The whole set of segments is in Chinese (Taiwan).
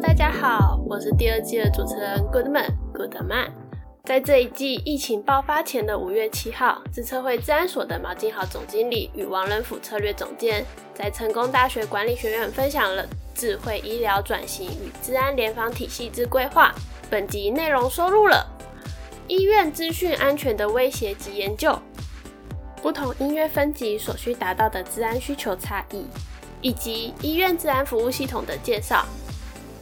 大家好，我是第二季的主持人 Goodman，Goodman，在這一季疫情爆發前的五月七號，資策會資安所的毛敬豪總經理與王仁甫策略總監在成功大學管理學院分享了智慧醫療轉型與資安聯防體系之規劃。本集內容收錄了醫院資訊安全的威脅及研究、不同醫院分級所需達到的資安需求差異，以及醫院資安服務系統的介紹。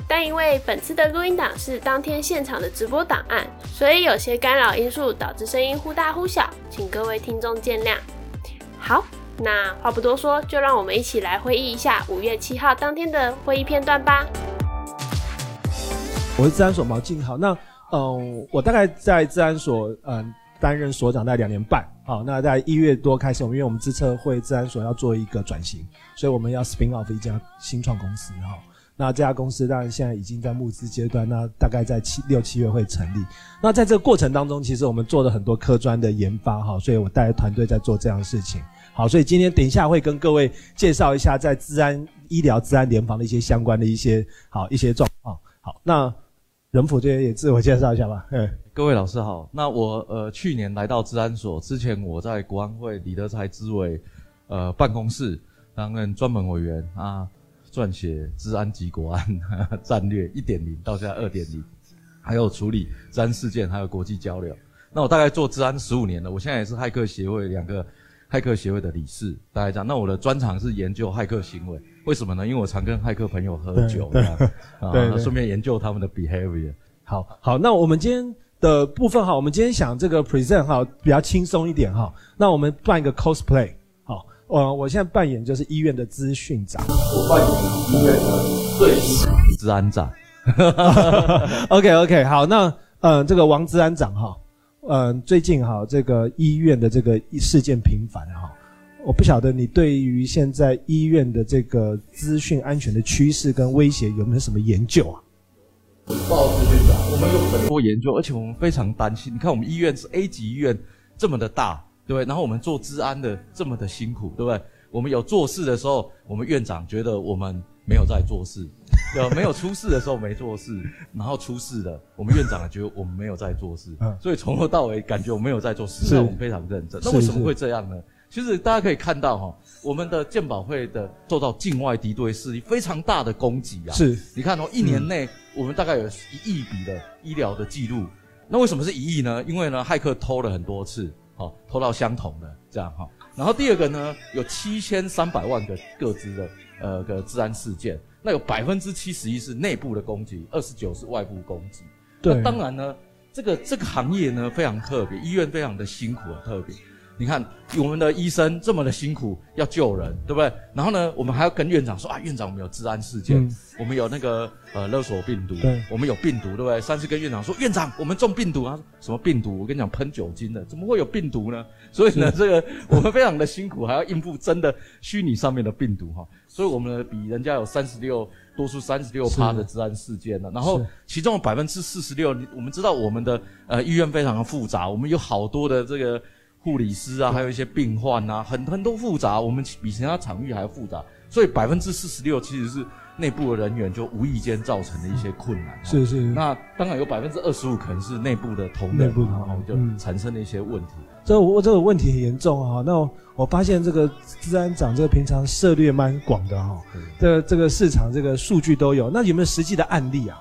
但因為本次的錄音檔是當天現場的直播檔案，所以有些干擾因素導致聲音忽大忽小，請各位聽眾見諒。好，那話不多說，就讓我們一起來回憶一下五月七號當天的會議片段吧。我是資安所毛敬豪。好，那嗯，我大概在資安所嗯、呃、擔任所長大概兩年半，好、哦，那在一月多開始，因為我們資策會資安所要做一個轉型，所以我們要 spin off 一家新創公司哈。哦那這家公司當然現在已經在募資階段，那大概在七六七月會成立。那在這個過程當中，其實我們做了很多科專的研發哈，所以我帶着團隊在做這樣的事情。好，所以今天等一下會跟各位介紹一下在資安醫療資安聯防的一些相關的一些好一些狀況。好，那仁甫這邊也自我介紹一下吧。各位老師好。那我呃去年來到資安所之前，我在國安會李德財諮委呃辦公室擔任專門委員啊。撰寫資安及國安戰略一點零到現在二點零，還有處理資安事件，還有國際交流。那我大概做資安十五年了，我現在也是駭客協會兩個駭客協會的理事。大概這樣，那我的專長是研究駭客行為，為什麼呢？因為我常跟駭客朋友喝酒，對，順便研究他們的 behavior。好好，那我們今天的部分哈，我們今天想這個 present 哈比較輕鬆一點哈，那我們辦一個 cosplay。呃、嗯，我現在扮演就是醫院的資訊長，我扮演醫院的最資治安長。 OK OK，好，那嗯、呃，這個王治安長哈，嗯、呃，最近哈、呃、這個醫院的這個事件頻繁哈、呃，我不曉得你對於現在醫院的這個資訊安全的趨勢跟威脅有沒有什麼研究啊？報告資訊長，我們有很多研究，而且我們非常擔心。你看，我們醫院是 A 級醫院，這麼的大。對，然後我們做資安的這麼的辛苦，對不對？我們有做事的時候，我們院長覺得我們沒有在做事，有 沒有出事的時候沒做事，然後出事的，我們院長覺得我們沒有在做事。啊、所以從頭到尾感覺我們沒有在做事，但是我們非常認真。那為什麼會這樣呢？其實大家可以看到哈、哦，我們的健保會的受到境外敵對勢力非常大的攻擊啊！是，你看哦，一年內我們大概有一億筆的醫療的記錄。那為什麼是一億呢？因為呢，駭客偷了很多次。好，偷、哦、到相同的這樣哈、哦，然後第二個呢，有七千三百萬個個資的呃個資安事件，那有百分之七十一是內部的攻擊，二十九是外部攻擊。對，那當然呢，這個這個行業呢非常特別，醫院非常的辛苦，很特別。你看，我們的醫生這麼的辛苦要救人，對不對？然後呢，我們還要跟院長說啊，院長，我們有資安事件，嗯、我們有那個呃勒索病毒，對我們有病毒，對不對？甚至跟院長說，院長，我們中病毒啊。他說，什麼病毒？我跟你講，噴酒精的，怎麼會有病毒呢？所以呢，是這個我們非常的辛苦，還要應付真的虛擬上面的病毒哈。所以我們呢，比人家有三十六，多出三十六趴的資安事件呢。是然後是其中百分之四十六，我們知道我們的呃醫院非常的複雜，我們有好多的這個。護理師啊，還有一些病患啊，對 很很多複雜，我們比其他場域還要複雜，所以百分之四十六其實是內部的人員就無意間造成的一些困難、喔。是是，是。那當然有百分之二十五可能是內部的同內部的就產生了一些問題。嗯、所以我這個問題很嚴重啊、喔。那我，我發現這個資安長這個平常涉獵蠻廣的哈、喔，對 這個、這個市場這個數據都有，那有沒有實際的案例啊？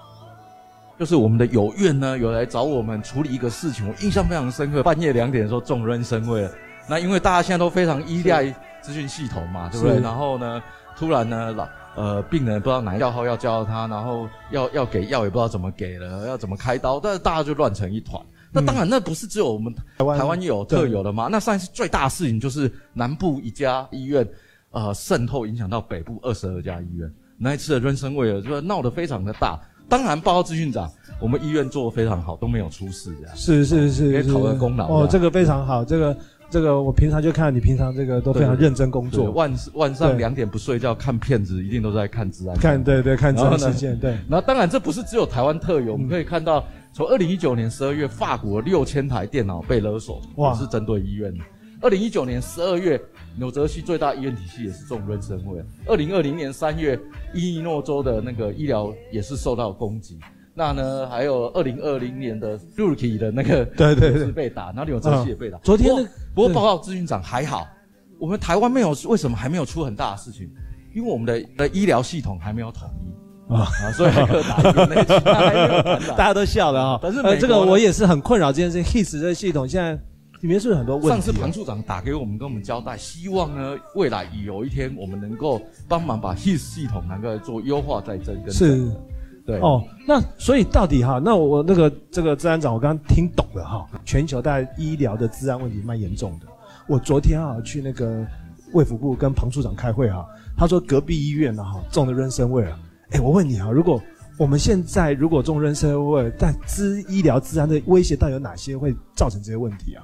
就是我們的友院呢，有來找我們處理一個事情，我印象非常深刻。半夜兩點的時候中 Ransomware 了，那因為大家現在都非常依賴資訊系統嘛，是對不對？是然後呢，突然呢，老呃病人不知道拿藥號要叫他，然後要要給藥也不知道怎麼給了，要怎麼開刀，但是大家就亂成一團。嗯、那當然，那不是只有我們台灣有特有的嘛，對那上一次最大的事情，就是南部一家醫院，呃，滲透影響到北部二十二家醫院。那一次的 Ransomware 了，就鬧得非常的大。當然，報告資訊長，我們醫院做得非常好，都沒有出事的，是是，是是是，也可以討個功勞哦。這個非常好，對這個這個我平常就看你平常這個都非常認真工作，晚晚上兩點不睡覺對看片子，一定都在看資安，看對對看資安事件。對，那當然這不是只有台灣特有，嗯、我們可以看到，從二零一九年十二月，法國六千台電腦被勒索，哇是針對醫院的。二零一九年十二月。紐澤西最大醫院體系也是重任娠位，二零二零年三月，伊利諾州的那個醫療也是受到攻擊。那呢，還有二零二零年的 u 路易的那個也是被打，然後紐澤西也被打。昨天不過，不過報告，資訊長，還好，對我們台灣沒有為什麼還沒有出很大的事情，因為我們的的醫療系統還沒有統一、嗯、啊，嗯、所以還可以打。個那大家都笑了啊、哦，但、呃、是這個我也是很困擾這件事情。HIS 這系統現在。裡面是,是很多問題、啊。上次龐處長打給我們，跟我們交代，希望呢未來有一天我們能夠幫忙把 HIS 系統能夠做優化，在這個是，對哦。那所以到底哈，那我那個這個資安長，我剛剛聽懂了哈。全球大家醫療的資安問題蠻嚴重的。我昨天啊去那個衛福部跟龐處長開會哈、啊，他說隔壁醫院呢、啊、哈中了 Ransomware 啊。誒、欸，我問你啊，如果我們現在如果中 Ransomware，但治醫醫療資安的威脅到底有哪些，會造成這些問題啊？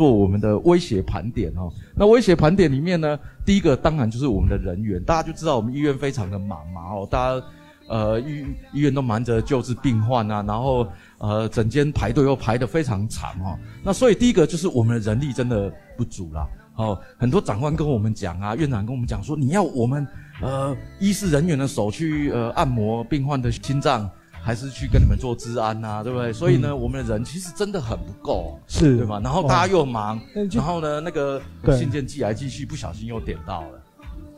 做我們的威脅盤點哦，那威脅盤點裡面呢，第一個當然就是我們的人員，大家就知道我們醫院非常的忙嘛哦，大家呃醫醫院都忙着救治病患啊，然後呃整間排隊又排得非常長哦，那所以第一個就是我們的人力真的不足啦，哦，很多長官跟我們講啊，院長跟我們講說你要我們呃醫事人員的手去呃按摩病患的心臟。還是去跟你們做資安吶、啊，對不對？所以呢，嗯、我們的人其實真的很不夠、啊，是對嗎？然後大家又忙，哦、然後呢，就 那個信件寄來寄去，不小心又點到了。對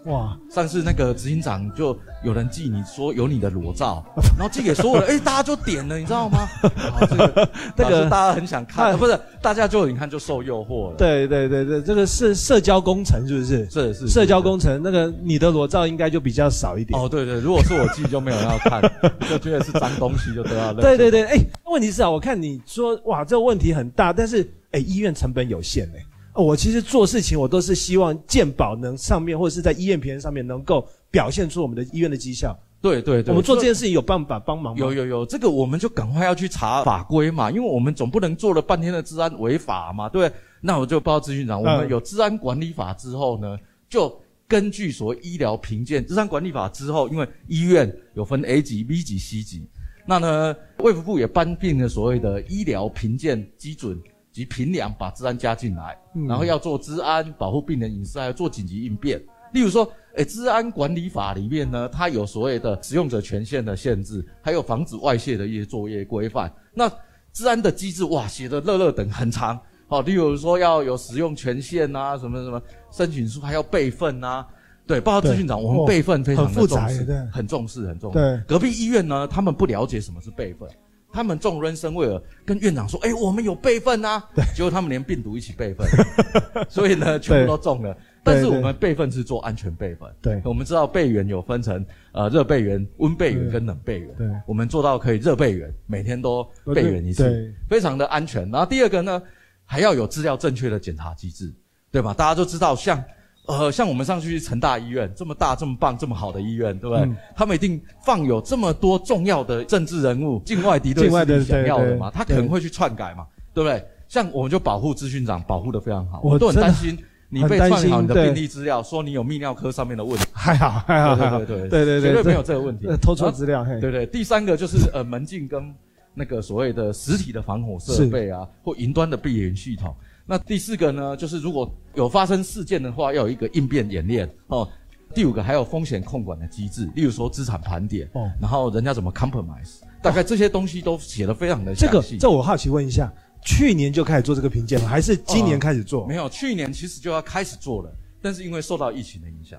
哇！上次那個執行長就有人寄你說有你的裸照，然後寄給所有人，誒、 欸、大家就點了，你知道嗎？這個 那個大家很想看，啊哦，不是？大家就你看就受誘惑了。對對對對，這個是社交工程，是不是？是是社交工程。對對對，那個你的裸照應該就比較少一點。哦，對，對對，如果是我寄就沒有要看， 就覺得是髒東西就都要扔。對對對，哎、欸，問題是啊，我看你說哇，這個問題很大，但是哎、欸，醫院成本有限哎、欸。哦、我其實做事情，我都是希望健保能上面或者是在醫院評鑑上面能夠表現出我們的醫院的績效。對對對，我們做這件事情有辦法幫忙嗎？有有有，這個我們就趕快要去查法規嘛，因為我們總不能做了半天的資安違法嘛，對，那我就報告資訊長，我們有資安管理法之後呢，就根據所謂醫療評鑑，資安管理法之後，因為醫院有分 A 級、B 級、C 級，那呢，衛福部也頒訂了所謂的醫療評鑑基準。及評鑑把資安加進來，然後要做資安保護病人隱私，還要做緊急應變。例如說，誒、欸、資安管理法裡面呢，它有所謂的使用者權限的限制，還有防止外泄的一些作業規範。那資安的機制哇，寫得樂樂等很長。好，例如說要有使用權限啊，什麼什麼申請書還要備份啊，對，包括資訊長，哦、我們備份非常的重視，哦、很複雜很重視，很重視。對隔壁醫院呢，他們不了解什麼是備份。他們中了 Ransomware 跟院長說：“哎、欸，我們有備份啊！”對結果他們連病毒一起備份， 所以呢，全部都中了。對但是我們備份是做安全備份，對，對，對，我們知道備援有分成，呃，熱備援、溫備援跟冷備援。對我們做到可以熱備援。對每天都備援一次，非常的安全。然後第二個呢，還要有資料正確的檢查機制，對吧？大家都知道像。呃，像我們上去成大醫院這麼大這麼棒這麼好的醫院，對不對？他們一定放有這麼多重要的政治人物、境外敵對，境外敵對勢力想要的嘛？他可能會去篡改嘛，對不對？像我們就保護資訊長，保護的非常好。我都很擔心你被篡改你的病歷資料，說你有泌尿科上面的問題。還好，還好，對對對對對，絕對沒有這個問題。偷錯資料，對對。第三個就是呃，門禁跟那個所謂的實體的防火設備啊，或雲端的閉源系統。那第四個呢，就是如果有發生事件的話，要有一個應變演練哦。第五個還有風險控管的機制，例如說資產盤點哦，然後人家怎麼 compromise，大概這些東西都寫得非常的詳細，哦這個。這我好奇問一下，去年就開始做這個評鑑了，還是今年開始做，哦？沒有，去年其實就要開始做了，但是因為受到疫情的影響。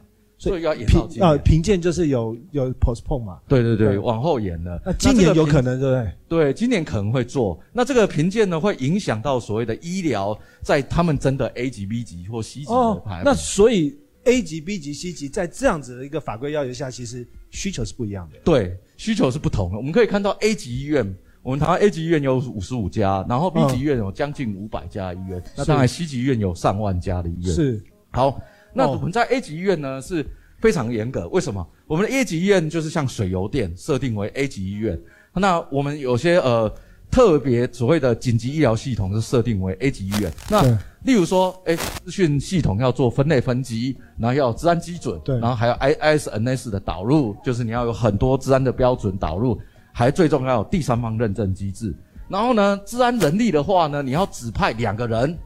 所以要延到今年。評鑑，呃，評鑑就是有有 postpone 嘛。對對對，往後延了。那今年有可能對不對？對，今年可能會做。那這個評鑑呢，會影響到所謂的醫療，在他們真的 A 級、B 級或 C 級的排名、哦、那所以 A 級、B 級、C 級在這樣子的一個法規要求下，其實需求是不一樣的。對，需求是不同的。我們可以看到 A 級醫院，我們台灣 A 級醫院有五十五家，然後 B 級醫院有將近五百家的醫院，那上海 C 級醫院有上萬家的醫院。是。好。那我們在 A 級醫院呢、哦、是非常嚴格，為什麼？我們的 A 級醫院就是像水油電設定為 A 級醫院。那我們有些呃特別所謂的緊急醫療系統是設定為 A 級醫院。那對例如說，誒、欸，資訊系統要做分類分級，然後要有資安基準，對，然後還有 ISNS 的導入，就是你要有很多資安的標準導入，還最重要有第三方認證機制。然後呢，資安人力的話呢，你要指派兩個人。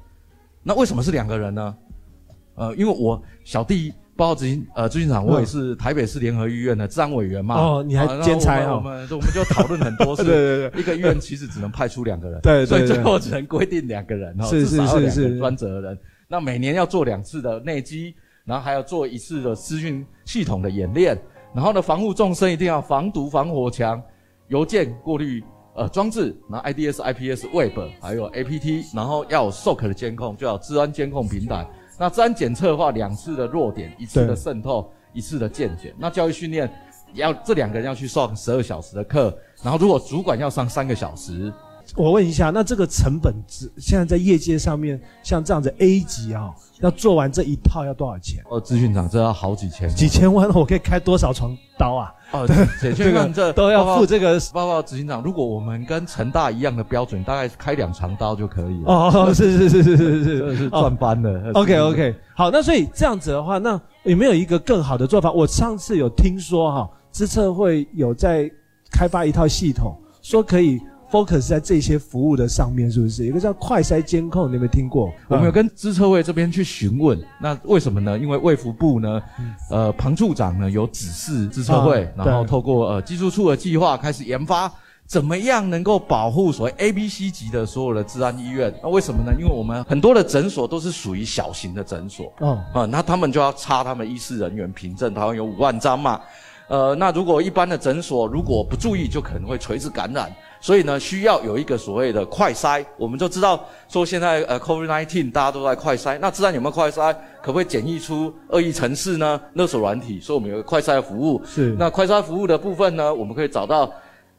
那為什麼是兩個人呢？呃，因為我小弟包括資訊，呃，資訊長，金我也是台北市聯合醫院的資安委員嘛。嗯啊、哦，你還兼差、哦啊、我們我們，我們就討論很多次。 對對對，一個醫院其實只能派出兩個人。 對對對。所以最後只能規定兩個人哈，至 對、哦、少專的是，是，是，是，兩個專責人。那每年要做兩次的內稽，然後還要做一次的資訊系統的演練。然後呢，防護縱深一定要防毒防火牆、郵件過濾呃裝置，然後 IDS、IPS、Web 還有 APT，然後要有 SOC 的監控，就要有資安監控平台。那資安檢測的話，兩次的弱點，一次的滲透，對一次的健全。那教育訓練，要這兩個人要去上十二小時的課，然後如果主管要上三個小時。我問一下，那這個成本，只，現在在業界上面，像這樣子 A 級啊，要做完這一套要多少錢？哦，資訊長，這要好幾千，幾千萬，我可以開多少床刀啊？哦，對，這個這都要付這個報告執行長，如果我們跟成大一樣的標準，大概開兩床刀就可以了。哦，是是是是是是，賺翻了。OK OK，好，那所以這樣子的話，那有沒有一個更好的做法？我上次有聽說哈，資策會有在開發一套系統，說可以。focus 在這些服務的上面，是不是？有一個叫快篩監控，你有沒有聽過？Uh, 我們有跟資策會這邊去詢問。那為什麼呢？因為衛福部呢，嗯、呃，彭處長呢有指示資策會，uh, 然後透過呃、uh, 技術處的計劃開始研發，怎麼樣能夠保護所謂 A、B、C 級的所有的治安醫院？那為什麼呢？因為我們很多的診所都是屬於小型的診所，嗯，啊，那他們就要插他們醫事人員憑證，他們有五萬張嘛。呃，那如果一般的診所如果不注意，就可能會垂直感染。所以呢，需要有一個所謂的快篩。我們就知道說，現在呃，COVID-19，大家都在快篩。那自然有沒有快篩？可不可以檢疫出惡意程式呢？勒索軟體。所以我們有個快篩服務。是。那快篩服務的部分呢，我們可以找到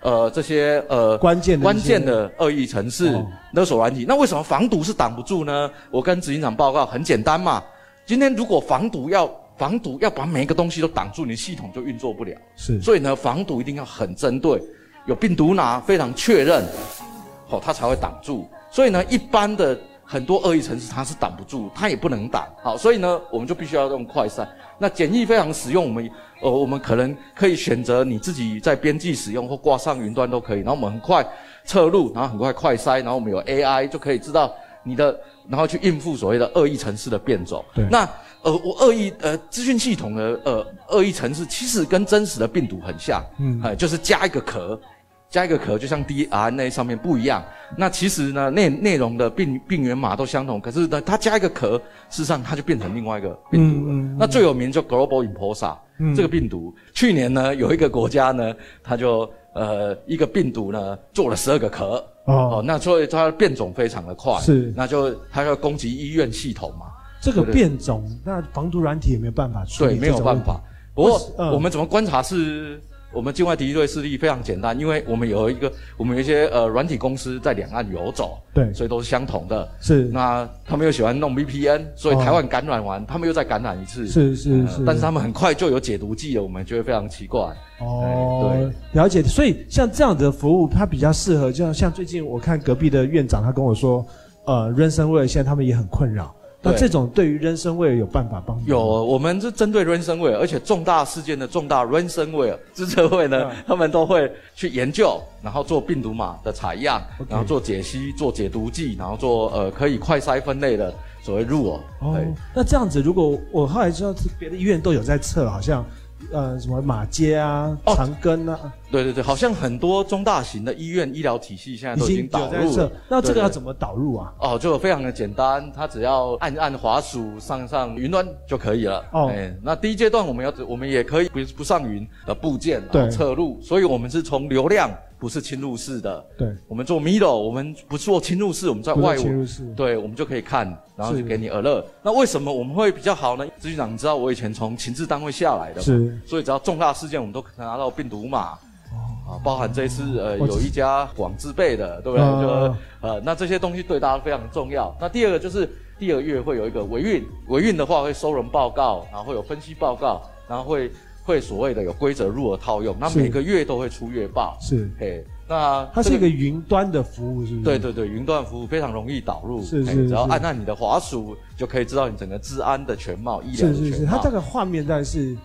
呃這些呃關鍵的關鍵的惡意程式、哦、勒索軟體。那為什麼防毒是擋不住呢？我跟執行長報告，很簡單嘛。今天如果防毒要。防毒要把每一個東西都擋住，你的系統就運作不了。是，所以呢，防毒一定要很針對，有病毒拿，非常確認，哦，它才會擋住。所以呢，一般的很多惡意程式，它是擋不住，它也不能擋。好，所以呢，我們就必須要用快篩。那簡易非常實用，我們呃，我們可能可以選擇你自己在編輯使用或掛上雲端都可以。然後我們很快測入，然後很快快篩，然後我們有 AI 就可以知道你的，然後去應付所謂的惡意程式的變種。對，那。呃，我惡意呃，資訊系統的呃，惡意程式，其實跟真實的病毒很像，哎、嗯，就是加一個殼，加一個殼，就像 DNA 上面不一樣。那其實呢，內內容的病病原碼都相同，可是呢，它加一個殼，事實上它就變成另外一個病毒了。嗯嗯嗯、那最有名就 Global Imposter、嗯、這個病毒去年呢，有一個國家呢，它就呃一個病毒呢做了十二個殼，哦，哦，那所以它變種非常的快，是，那就它要攻擊醫院系統嘛。這個變種，對對，那防毒軟體也沒有辦法處理。對，沒有辦法。不過、呃、我們怎麼觀察是？是我們境外敵對勢力非常簡單，因為我們有一個，我們有一些呃軟體公司在兩岸遊走，對，所以都是相同的。是。那他們又喜歡弄 VPN，所以台灣感染完，哦、他們又再感染一次。是是是、呃。但是他們很快就有解毒劑了，我們就會非常奇怪。哦對，對，了解。所以像這樣的服務，它比較適合。就像，像最近我看隔壁的院長，他跟我說，呃，Ransomware 現在他們也很困擾。那這種對於 Ransomware 有辦法幫助？有，我們是針對 Ransomware，而且重大事件的重大 Ransomware，註冊位呢，啊、他們都會去研究，然後做病毒碼的採樣，Okay. 然後做解析，做解毒劑，然後做呃可以快篩分類的所謂入耳。哦，那這樣子，如果我後來知道是別的醫院都有在測，好像。呃，什麼馬偕啊，哦、長庚啊，對對對，好像很多中大型的醫院醫療體系現在都已經導入了。對對對，那這個要怎麼導入啊？哦，就非常的簡單，它只要按一按滑鼠，上上雲端就可以了。哎、哦欸，那第一階段我們要，我們也可以不不上雲的部件來測入，對所以我們是從流量。不是侵入式的，對，我們做 middle，我們不做侵入式，我們在外式，對，我們就可以看，然後就給你耳樂。是那為什麼我們會比較好呢？執行長，你知道我以前從情治單位下來的，是，所以只要重大事件，我們都可以拿到病毒碼，哦、啊，包含這一次、哦、呃，我有一家廣字輩的，對不對？呃就呃，那這些東西對大家非常重要。那第二個就是第二月會有一個維運，維運的話會收容報告，然後會有分析報告，然後會。會所謂的有規則入而套用，那每個月都會出月報。是，嘿，那、這個、它是一個雲端的服務，是不是？對對對，雲端服務非常容易導入，是，是，是，只要按按你的滑鼠就可以知道你整個治安的全貌、醫療的全貌。是是是，它這個畫面但是，嗯、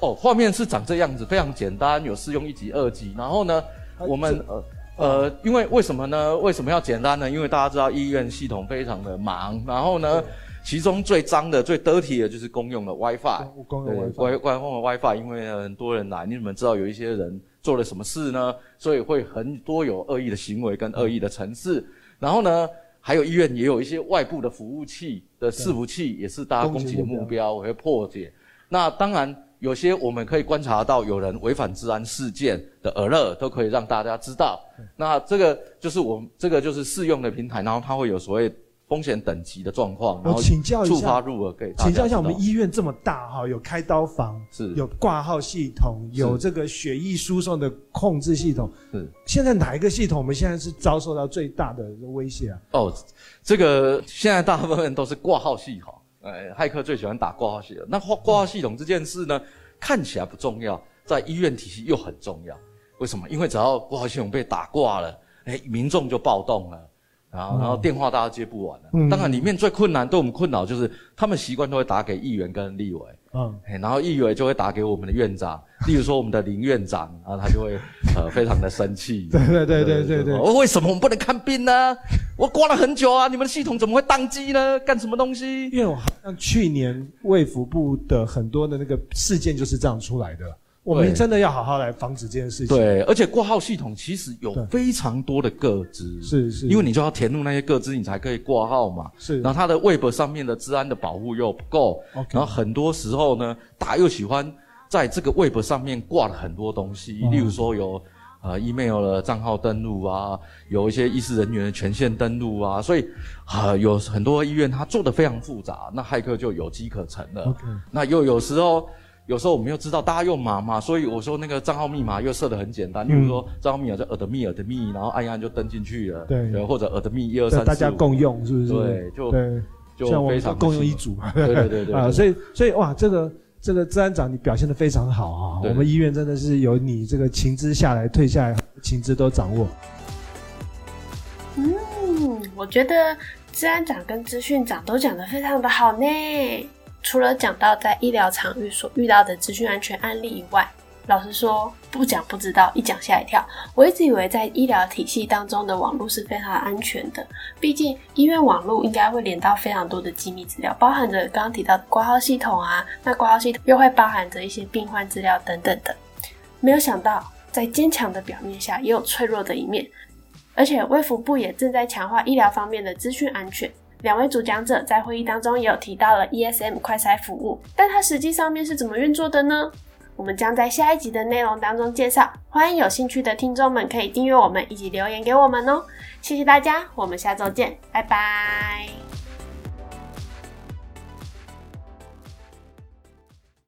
哦，畫面是長這樣子，非常簡單，有試用一級、二級。然後呢，啊、我們這呃呃，因為為什麼呢？為什麼要簡單呢？因為大家知道醫院系統非常的忙，然後呢。其中最髒的，最 dirty 的就是公用的 WiFi，公、公用 WiFi，因為很多人來，你怎麼知道有一些人做了什麼事呢？所以會很多有惡意的行為跟惡意的程式。嗯、然後呢，還有醫院也有一些外部的服務器的伺服器，對也是大家攻擊的目標，目標我會破解。那當然有些我們可以觀察到有人違反資安事件的耳樂，都可以讓大家知道。那這個就是我們這個就是試用的平台，然後它會有所謂。風險等級的狀況，然後觸發入而，哦、請教一下。觸發入額給請教一下，我們醫院這麼大哈，有開刀房，是，有掛號系統，有這個血液輸送的控制系統，是。現在哪一個系統？我們現在是遭受到最大的威脅啊？哦，這個現在大部分人都是掛號系統，哎，駭客最喜歡打掛號系統。那掛掛號系統這件事呢，嗯、看起來不重要，在醫院體系又很重要。為什麼？因為只要掛號系統被打掛了，哎，民眾就暴動了。然後，然後電話大家接不完。嗯，當然，裡面最困難、對我們困擾就是，他們習慣都會打給議員跟立委。嗯，然後立委就會打給我們的院長，例如說我們的林院長，然後他就會，呃，非常的生氣。對對對對對對。我為什麼我們不能看病呢？我掛了很久啊，你們系統怎麼會宕機呢？幹什麼東西？因為我好像去年衛福部的很多的那個事件就是這樣出來的。對我們真的要好好來防止這件事情。對，而且掛號系統其實有非常多的個資，是是對，因為你就要填入那些個資，你才可以掛號嘛。是。然後它的 Web 上面的資安的保護又不夠 Okay. 然後很多時候呢，大家又喜歡在這個 Web 上面掛了很多東西，例如說有啊、哦呃、Email 的賬號登錄啊，有一些醫師人員的權限登錄啊，所以啊、呃、有很多醫院它做得非常複雜，那駭客就有機可乘了。Okay. 那又有時候。有時候我們又知道大家又忙嘛，嘛，所以我說那個賬號密碼又設的很簡單，嗯、例如說帳號密碼就 admin、admin，然後按一按就登進去了。對，對，或者 admin 一二三，大家共用是不是？對，就，對，就對，像我們共用一組。對對對，對，對，對啊，所以所以哇，這個這個資安長你表現的非常好啊，對我們醫院真的是由你這個情資下來退下來，情資都掌握。嗯，我覺得資安長跟資訊長都講的非常的好呢。除了講到在醫療場域所遇到的資訊安全案例以外，老實說，不講不知道，一講嚇一跳。我一直以為在醫療體系當中的網絡是非常安全的，畢竟醫院網絡應該會連到非常多的機密資料，包含着剛剛提到的掛號系統啊，那掛號系統又會包含着一些病患資料等等的。沒有想到，在堅強的表面下也有脆弱的一面，而且衛福部也正在強化醫療方面的資訊安全。兩位主講者在會議當中也有提到了 ESM 快篩服務，但它實際上面是怎麼運作的呢？我們將在下一集的內容當中介紹。歡迎有興趣的聽眾們可以訂閱我們，以及留言給我們哦。謝謝大家，我們下周見，拜拜。